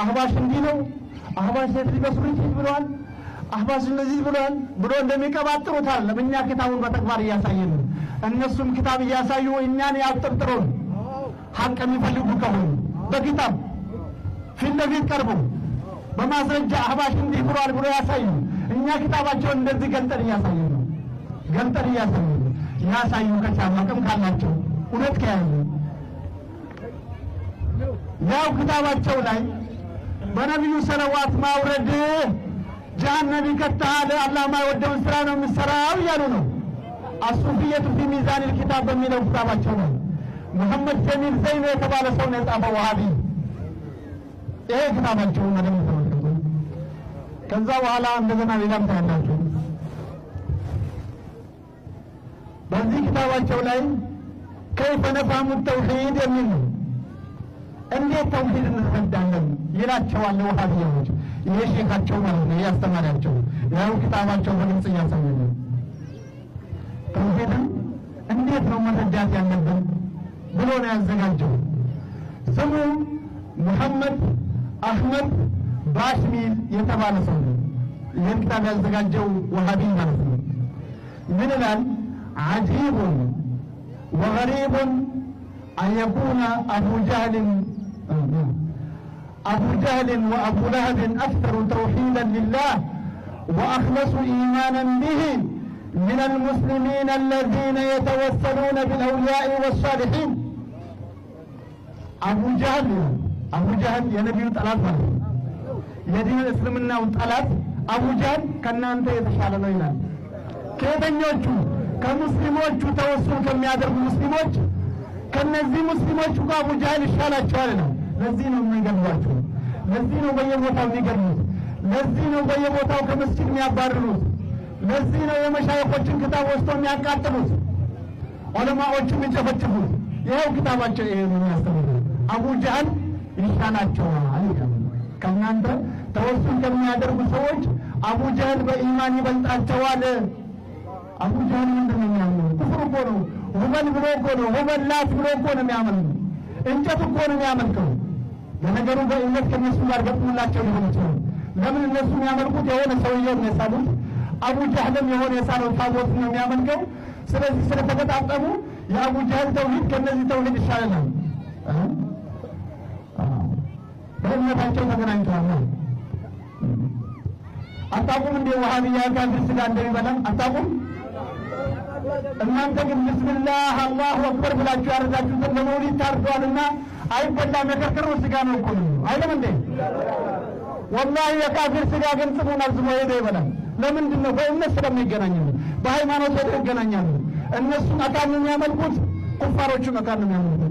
አህባሽ እንዲህ ነው፣ አህባሽ ሴት ሊበስሉት ብለዋል፣ አህባሽ እንደዚህ ብለዋል ብሎ እንደሚቀባጥሩት አይደለም። እኛ ክታቡን በተግባር እያሳየን ነው። እነሱም ክታብ እያሳዩ እኛን ያብጠርጥሩን። ሀቅ የሚፈልጉ ከሆኑ በኪታብ ፊት ለፊት ቀርቡ በማስረጃ አህባሽ እንዲህ ብሏል ብሎ ያሳዩ። እኛ ክታባቸውን እንደዚህ ገልጠን እያሳዩ ነው፣ ገልጠን እያሳዩ ነው። ያሳዩ ከቻሉ አቅም ካላቸው እውነት ከያዙ ያው ክታባቸው ላይ በነቢዩ ሰለዋት ማውረድ ጀሃነም ይከትሃል፣ አላህ ማይወደውን ስራ ነው የምሰራው እያሉ ነው። አሱፍየቱ ፊ ሚዛኒል ኪታብ በሚለው ክታባቸው ነው። መሐመድ ጀሚል ዘይኖ የተባለ ሰው ነው የጻፈው፣ ዋሃቢ ይሄ ክታባቸው መደም ተመልከቱ። ከዛ በኋላ እንደገና ሌላም ታያላችሁ። በዚህ ክታባቸው ላይ ከይፈ ነፍሀሙ ተውሂድ የሚል ነው እንዴት ተውሂድ እንረዳለን ይላቸዋል ውሃብያዎች። ይሄ ሼካቸው ማለት ነው ያስተማሪያቸው። ያው ኪታባቸው በግልጽ እያሳየን ተውሂድን እንዴት ነው መረዳት ያለብን ብሎ ነው ያዘጋጀው። ስሙ ሙሐመድ አህመድ ባሽሚል የተባለ ሰው ነው። ይህን ኪታብ ያዘጋጀው ውሃቢ ማለት ነው። ምን ይላል? አጂቡን ወገሪቡን አን የኩነ አቡ ጃህልን أبو جهل وأبو لهب أكثر توحيدا لله وأخلص إيمانا به من المسلمين الذين يتوسلون بالأولياء والصالحين أبو جهل أبو جهل يا نبي يا دين أبو طلاب የዲን እስልምናውን ጠላት አቡጃን ከእናንተ የተሻለ ነው ይላል። ከየተኞቹ ከሙስሊሞቹ ተወሱል ከሚያደርጉ ሙስሊሞች ከነዚህ ሙስሊሞቹ ጋር አቡጃህል ይሻላቸዋል ነው ለዚህ ነው ለዚህ ነው በየቦታው የሚገድሉት። ለዚህ ነው በየቦታው ከመስጂድ የሚያባርሩት። ለዚህ ነው የመሻይኮችን ክታብ ወስዶ የሚያቃጥሉት፣ ዑለማዎችን የሚጨፈጭፉት። ይኸው ክታባቸው ይሄ ነው የሚያስተምሩ። አቡ ይሻላቸዋል። ከእናንተ ከሚያደርጉ ሰዎች አቡ በኢማን ይበልጣቸዋል። አቡ ጀህል ምንድን ነው የሚያምኑ? እኮ ነው። ሁበል ብሎ እኮ ነው፣ ብሎ እኮ ነው የሚያመልኩ። እንጨት እኮ ነው የሚያመልከው ለነገሩ በእምነት ከነሱ ጋር ገጥሙላቸው ሊሆን ይችላል። ለምን እነሱ የሚያመልኩት የሆነ ሰውየው የሚያሳሉት አቡ ጃህልም የሆነ የሳለው ታቦት ነው የሚያመልከው። ስለዚህ ስለተገጣጠሙ የአቡ ጃህል ተውሂድ ከእነዚህ ተውሂድ ይሻለናል። በእምነታቸው ተገናኝተዋል። አታቁም እንዴ? ዋሃብያ ጋር ስጋ እንደሚበላም አታቁም እናንተ ግን ብስምላህ አላሁ አክበር ብላችሁ ያረዳችሁትን ለመውሊድ ታርዷልና አይበላም። የከርከሮ ስጋ ነው እኮ አይደለም እንዴ? ወላሂ የካፊር ስጋ ግን ጽሙን አዝሞ ሄደ ይበላል። ለምንድን ነው? በእምነት ስለሚገናኝልን፣ በሃይማኖት ስለሚገናኛልን። እነሱ መካን ነው የሚያመልኩት፣ ኩፋሮቹ መካን ነው የሚያመልኩት።